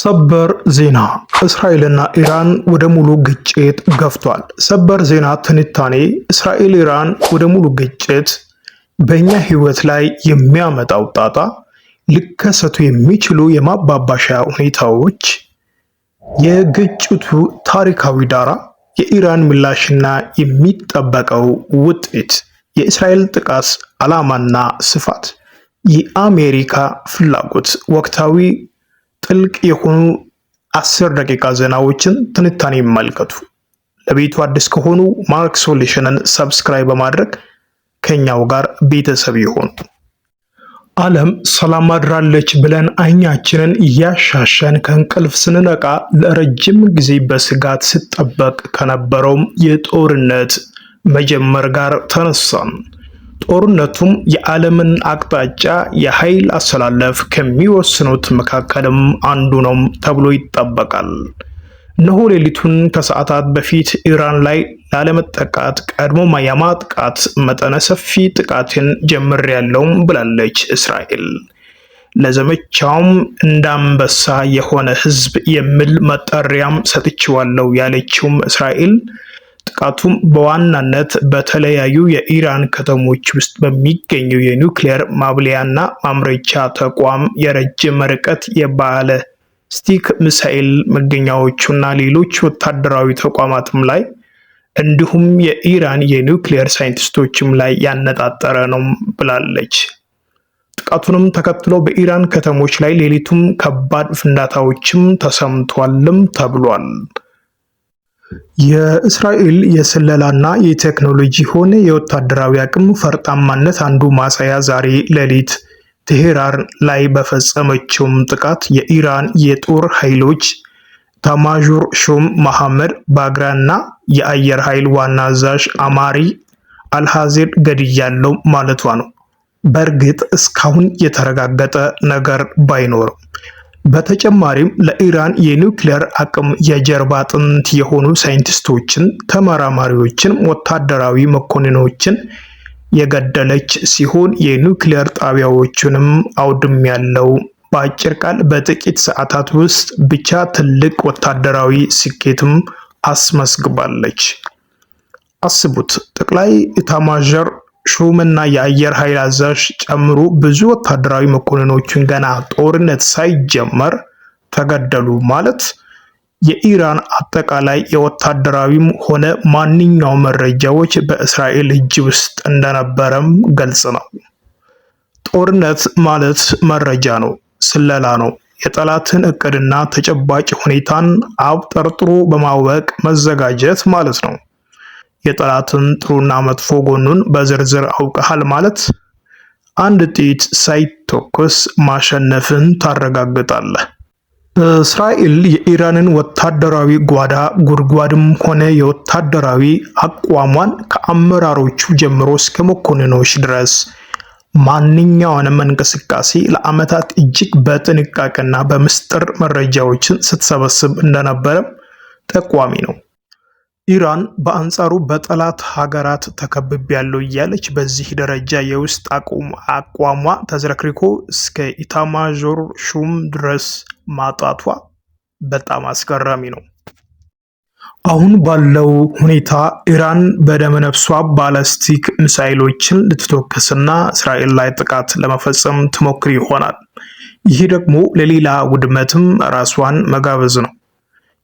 ሰበር ዜና እስራኤልና ኢራን ወደ ሙሉ ግጭት ገፍቷል። ሰበር ዜና ትንታኔ እስራኤል ኢራን ወደ ሙሉ ግጭት በእኛ ህይወት ላይ የሚያመጣው ጣጣ፣ ሊከሰቱ የሚችሉ የማባባሻ ሁኔታዎች፣ የግጭቱ ታሪካዊ ዳራ፣ የኢራን ምላሽና የሚጠበቀው ውጤት፣ የእስራኤል ጥቃት ዓላማና ስፋት፣ የአሜሪካ ፍላጎት፣ ወቅታዊ ጥልቅ የሆኑ አስር ደቂቃ ዜናዎችን ትንታኔ ይመልከቱ። ለቤቱ አዲስ ከሆኑ ማርክ ሶሉሽንን ሰብስክራይብ በማድረግ ከኛው ጋር ቤተሰብ ይሆኑ። ዓለም ሰላም አድራለች ብለን አይናችንን እያሻሸን ከእንቅልፍ ስንነቃ ለረጅም ጊዜ በስጋት ሲጠበቅ ከነበረውም የጦርነት መጀመር ጋር ተነሳን። ጦርነቱም የዓለምን አቅጣጫ የኃይል አሰላለፍ ከሚወስኑት መካከልም አንዱ ነው ተብሎ ይጠበቃል። እነሆ ሌሊቱን ከሰዓታት በፊት ኢራን ላይ ላለመጠቃት ቀድሞ የማጥቃት መጠነ ሰፊ ጥቃትን ጀምሬያለሁም ብላለች እስራኤል። ለዘመቻውም እንዳንበሳ የሆነ ህዝብ የሚል መጠሪያም ሰጥችዋለው ያለችውም እስራኤል ጥቃቱም በዋናነት በተለያዩ የኢራን ከተሞች ውስጥ በሚገኘው የኒውክሌር ማብሊያና ማምረቻ ተቋም የረጅም ርቀት የባለ ስቲክ ሚሳኤል መገኛዎቹና ሌሎች ወታደራዊ ተቋማትም ላይ እንዲሁም የኢራን የኒውክሌር ሳይንቲስቶችም ላይ ያነጣጠረ ነው ብላለች። ጥቃቱንም ተከትሎ በኢራን ከተሞች ላይ ሌሊቱም ከባድ ፍንዳታዎችም ተሰምቷልም ተብሏል። የእስራኤል የስለላና የቴክኖሎጂ ሆነ የወታደራዊ አቅም ፈርጣማነት አንዱ ማሳያ ዛሬ ሌሊት ቴሄራን ላይ በፈጸመችውም ጥቃት የኢራን የጦር ኃይሎች ታማዦር ሹም መሐመድ ባግራና የአየር ኃይል ዋና አዛዥ አማሪ አልሃዜድ ገድያለው ማለቷ ነው። በእርግጥ እስካሁን የተረጋገጠ ነገር ባይኖርም በተጨማሪም ለኢራን የኒውክሌር አቅም የጀርባ አጥንት የሆኑ ሳይንቲስቶችን፣ ተመራማሪዎችን፣ ወታደራዊ መኮንኖችን የገደለች ሲሆን የኒውክሌር ጣቢያዎቹንም አውድም ያለው በአጭር ቃል በጥቂት ሰዓታት ውስጥ ብቻ ትልቅ ወታደራዊ ስኬትም አስመዝግባለች። አስቡት ጠቅላይ ኢታማዦር ሹምና የአየር ኃይል አዛዥ ጨምሮ ብዙ ወታደራዊ መኮንኖችን ገና ጦርነት ሳይጀመር ተገደሉ ማለት የኢራን አጠቃላይ የወታደራዊም ሆነ ማንኛውም መረጃዎች በእስራኤል እጅ ውስጥ እንደነበረም ገልጽ ነው። ጦርነት ማለት መረጃ ነው፣ ስለላ ነው። የጠላትን እቅድና ተጨባጭ ሁኔታን አብጠርጥሮ በማወቅ መዘጋጀት ማለት ነው። የጠላትን ጥሩና መጥፎ ጎኑን በዝርዝር አውቀሃል ማለት አንድ ጥይት ሳይተኮስ ማሸነፍን ታረጋግጣለህ። እስራኤል የኢራንን ወታደራዊ ጓዳ ጉድጓድም ሆነ የወታደራዊ አቋሟን ከአመራሮቹ ጀምሮ እስከ መኮንኖች ድረስ ማንኛውንም እንቅስቃሴ ለዓመታት እጅግ በጥንቃቄና በምስጢር መረጃዎችን ስትሰበስብ እንደነበረም ጠቋሚ ነው። ኢራን በአንጻሩ በጠላት ሀገራት ያለው እያለች በዚህ ደረጃ የውስጥ አቋሟ ተዝረክሪኮ እስከ ኢታማዦር ሹም ድረስ ማጣቷ በጣም አስገራሚ ነው። አሁን ባለው ሁኔታ ኢራን በደመነፍሷ ባላስቲክ ሚሳይሎችን ልትተኩስና እስራኤል ላይ ጥቃት ለመፈጸም ትሞክር ይሆናል። ይህ ደግሞ ለሌላ ውድመትም ራሷን መጋበዝ ነው።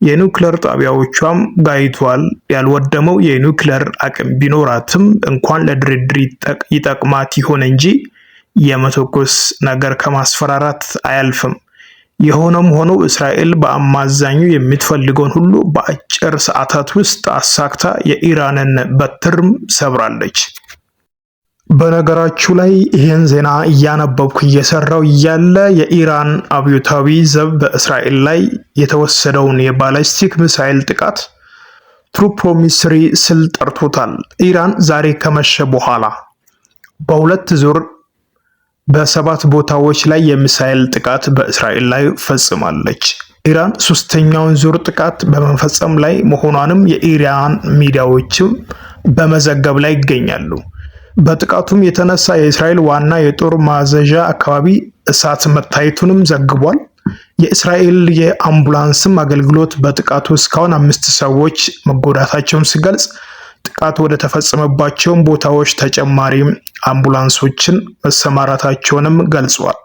የኒውክለር ጣቢያዎቿም ጋይቷል። ያልወደመው የኒውክለር አቅም ቢኖራትም እንኳን ለድርድር ይጠቅማት ይሆን እንጂ የመተኮስ ነገር ከማስፈራራት አያልፍም። የሆነም ሆኖ እስራኤል በአማዛኙ የምትፈልገውን ሁሉ በአጭር ሰዓታት ውስጥ አሳክታ የኢራንን በትርም ሰብራለች። በነገራችሁ ላይ ይህን ዜና እያነበብኩ እየሰራው እያለ የኢራን አብዮታዊ ዘብ በእስራኤል ላይ የተወሰደውን የባላስቲክ ሚሳኤል ጥቃት ትሩፕሮሚስሪ ስል ጠርቶታል። ኢራን ዛሬ ከመሸ በኋላ በሁለት ዙር በሰባት ቦታዎች ላይ የሚሳኤል ጥቃት በእስራኤል ላይ ፈጽማለች። ኢራን ሶስተኛውን ዙር ጥቃት በመፈጸም ላይ መሆኗንም የኢራን ሚዲያዎችም በመዘገብ ላይ ይገኛሉ። በጥቃቱም የተነሳ የእስራኤል ዋና የጦር ማዘዣ አካባቢ እሳት መታየቱንም ዘግቧል። የእስራኤል የአምቡላንስም አገልግሎት በጥቃቱ እስካሁን አምስት ሰዎች መጎዳታቸውን ሲገልጽ ጥቃት ወደ ተፈጸመባቸውን ቦታዎች ተጨማሪ አምቡላንሶችን መሰማራታቸውንም ገልጿል።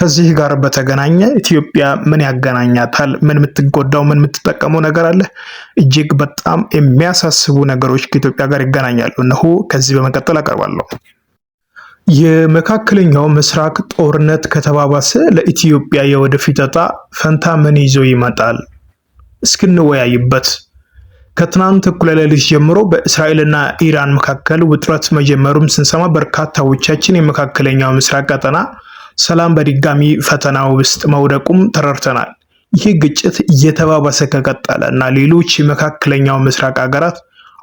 ከዚህ ጋር በተገናኘ ኢትዮጵያ ምን ያገናኛታል? ምን የምትጎዳው፣ ምን የምትጠቀመው ነገር አለ? እጅግ በጣም የሚያሳስቡ ነገሮች ከኢትዮጵያ ጋር ይገናኛሉ። እነሆ ከዚህ በመቀጠል አቀርባለሁ። የመካከለኛው ምስራቅ ጦርነት ከተባባሰ ለኢትዮጵያ የወደፊት ጣ ፈንታ ምን ይዞ ይመጣል? እስክንወያይበት ከትናንት እኩለ ሌሊት ጀምሮ በእስራኤልና ኢራን መካከል ውጥረት መጀመሩም ስንሰማ በርካታዎቻችን የመካከለኛው ምስራቅ ቀጠና ሰላም በድጋሚ ፈተና ውስጥ መውደቁም ተረድተናል። ይህ ግጭት እየተባባሰ ከቀጠለ እና ሌሎች የመካከለኛው ምስራቅ ሀገራት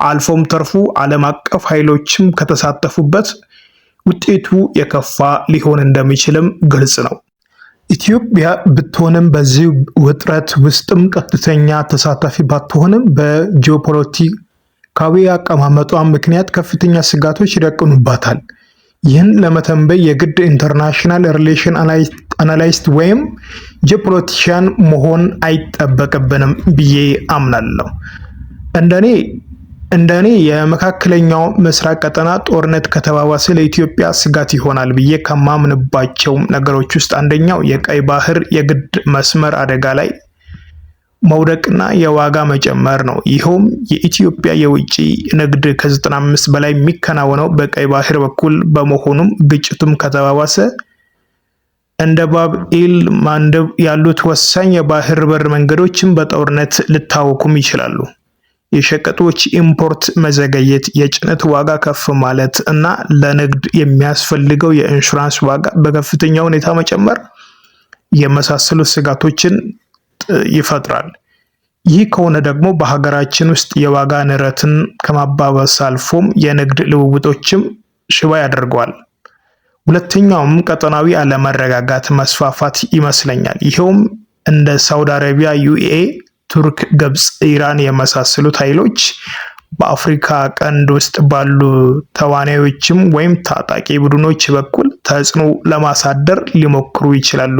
አልፎም ተርፉ ዓለም አቀፍ ኃይሎችም ከተሳተፉበት ውጤቱ የከፋ ሊሆን እንደሚችልም ግልጽ ነው። ኢትዮጵያ ብትሆንም በዚህ ውጥረት ውስጥም ቀጥተኛ ተሳታፊ ባትሆንም በጂኦፖለቲካዊ አቀማመጧ ምክንያት ከፍተኛ ስጋቶች ይደቅኑባታል። ይህን ለመተንበይ የግድ ኢንተርናሽናል ሪሌሽን አናላይስት ወይም ጂኦፖለቲሻን መሆን አይጠበቅብንም ብዬ አምናለሁ። እንደኔ እንደኔ የመካከለኛው ምስራቅ ቀጠና ጦርነት ከተባባሰ ለኢትዮጵያ ስጋት ይሆናል ብዬ ከማምንባቸው ነገሮች ውስጥ አንደኛው የቀይ ባህር የግድ መስመር አደጋ ላይ መውደቅና የዋጋ መጨመር ነው። ይኸውም የኢትዮጵያ የውጭ ንግድ ከ95 በላይ የሚከናወነው በቀይ ባህር በኩል በመሆኑም ግጭቱም ከተባባሰ እንደ ባብ ኢል ማንደብ ያሉት ወሳኝ የባህር በር መንገዶችም በጦርነት ልታወኩም ይችላሉ። የሸቀጦች ኢምፖርት መዘገየት፣ የጭነት ዋጋ ከፍ ማለት እና ለንግድ የሚያስፈልገው የኢንሹራንስ ዋጋ በከፍተኛ ሁኔታ መጨመር የመሳሰሉ ስጋቶችን ይፈጥራል። ይህ ከሆነ ደግሞ በሀገራችን ውስጥ የዋጋ ንረትን ከማባበስ አልፎም የንግድ ልውውጦችም ሽባ ያደርገዋል። ሁለተኛውም ቀጠናዊ አለመረጋጋት መስፋፋት ይመስለኛል። ይኸውም እንደ ሳውዲ አረቢያ፣ ዩኤ፣ ቱርክ፣ ግብፅ፣ ኢራን የመሳሰሉት ኃይሎች በአፍሪካ ቀንድ ውስጥ ባሉ ተዋናዮችም ወይም ታጣቂ ቡድኖች በኩል ተጽዕኖ ለማሳደር ሊሞክሩ ይችላሉ።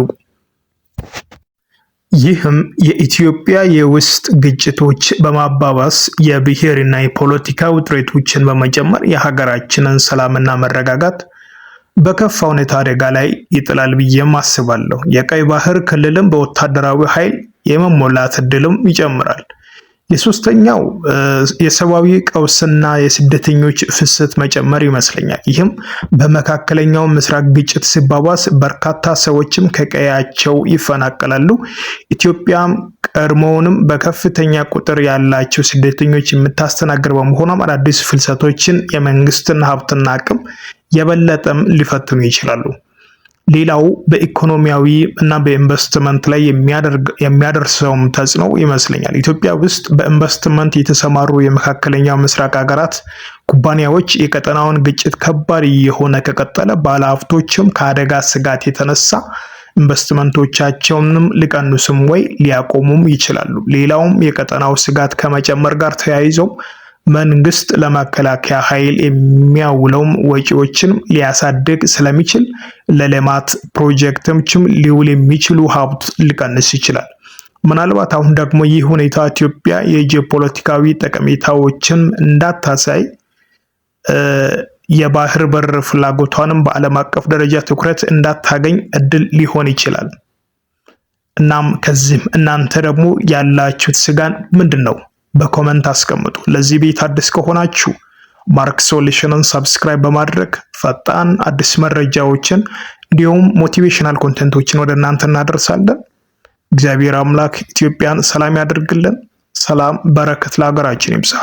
ይህም የኢትዮጵያ የውስጥ ግጭቶች በማባባስ የብሔርና የፖለቲካ ውጥረቶችን በመጨመር የሀገራችንን ሰላምና መረጋጋት በከፋ ሁኔታ አደጋ ላይ ይጥላል ብዬም አስባለሁ። የቀይ ባህር ክልልም በወታደራዊ ኃይል የመሞላት እድልም ይጨምራል። የሶስተኛው የሰብአዊ ቀውስና የስደተኞች ፍሰት መጨመር ይመስለኛል። ይህም በመካከለኛው ምስራቅ ግጭት ሲባባስ በርካታ ሰዎችም ከቀያቸው ይፈናቀላሉ። ኢትዮጵያም ቀድሞውንም በከፍተኛ ቁጥር ያላቸው ስደተኞች የምታስተናግድ በመሆኗም አዳዲስ ፍልሰቶችን የመንግስትን ሀብትና አቅም የበለጠም ሊፈትኑ ይችላሉ። ሌላው በኢኮኖሚያዊ እና በኢንቨስትመንት ላይ የሚያደርሰውም ተጽዕኖ ይመስለኛል። ኢትዮጵያ ውስጥ በኢንቨስትመንት የተሰማሩ የመካከለኛው ምስራቅ ሀገራት ኩባንያዎች የቀጠናውን ግጭት ከባድ እየሆነ ከቀጠለ ባለሀብቶችም ከአደጋ ስጋት የተነሳ ኢንቨስትመንቶቻቸውንም ሊቀንሱም ወይ ሊያቆሙም ይችላሉ። ሌላውም የቀጠናው ስጋት ከመጨመር ጋር ተያይዞም መንግስት ለመከላከያ ኃይል የሚያውለውም ወጪዎችን ሊያሳድግ ስለሚችል ለልማት ፕሮጀክቶችም ሊውል የሚችሉ ሀብት ሊቀንስ ይችላል። ምናልባት አሁን ደግሞ ይህ ሁኔታ ኢትዮጵያ የጂኦፖለቲካዊ ጠቀሜታዎችን እንዳታሳይ የባህር በር ፍላጎቷንም በዓለም አቀፍ ደረጃ ትኩረት እንዳታገኝ እድል ሊሆን ይችላል። እናም ከዚህም እናንተ ደግሞ ያላችሁት ስጋን ምንድን ነው? በኮመንት አስቀምጡ። ለዚህ ቤት አዲስ ከሆናችሁ ማርክ ሶሉሽንን ሰብስክራይብ በማድረግ ፈጣን አዲስ መረጃዎችን እንዲሁም ሞቲቬሽናል ኮንቴንቶችን ወደ እናንተ እናደርሳለን። እግዚአብሔር አምላክ ኢትዮጵያን ሰላም ያደርግልን። ሰላም በረከት ለሀገራችን ይብዛ።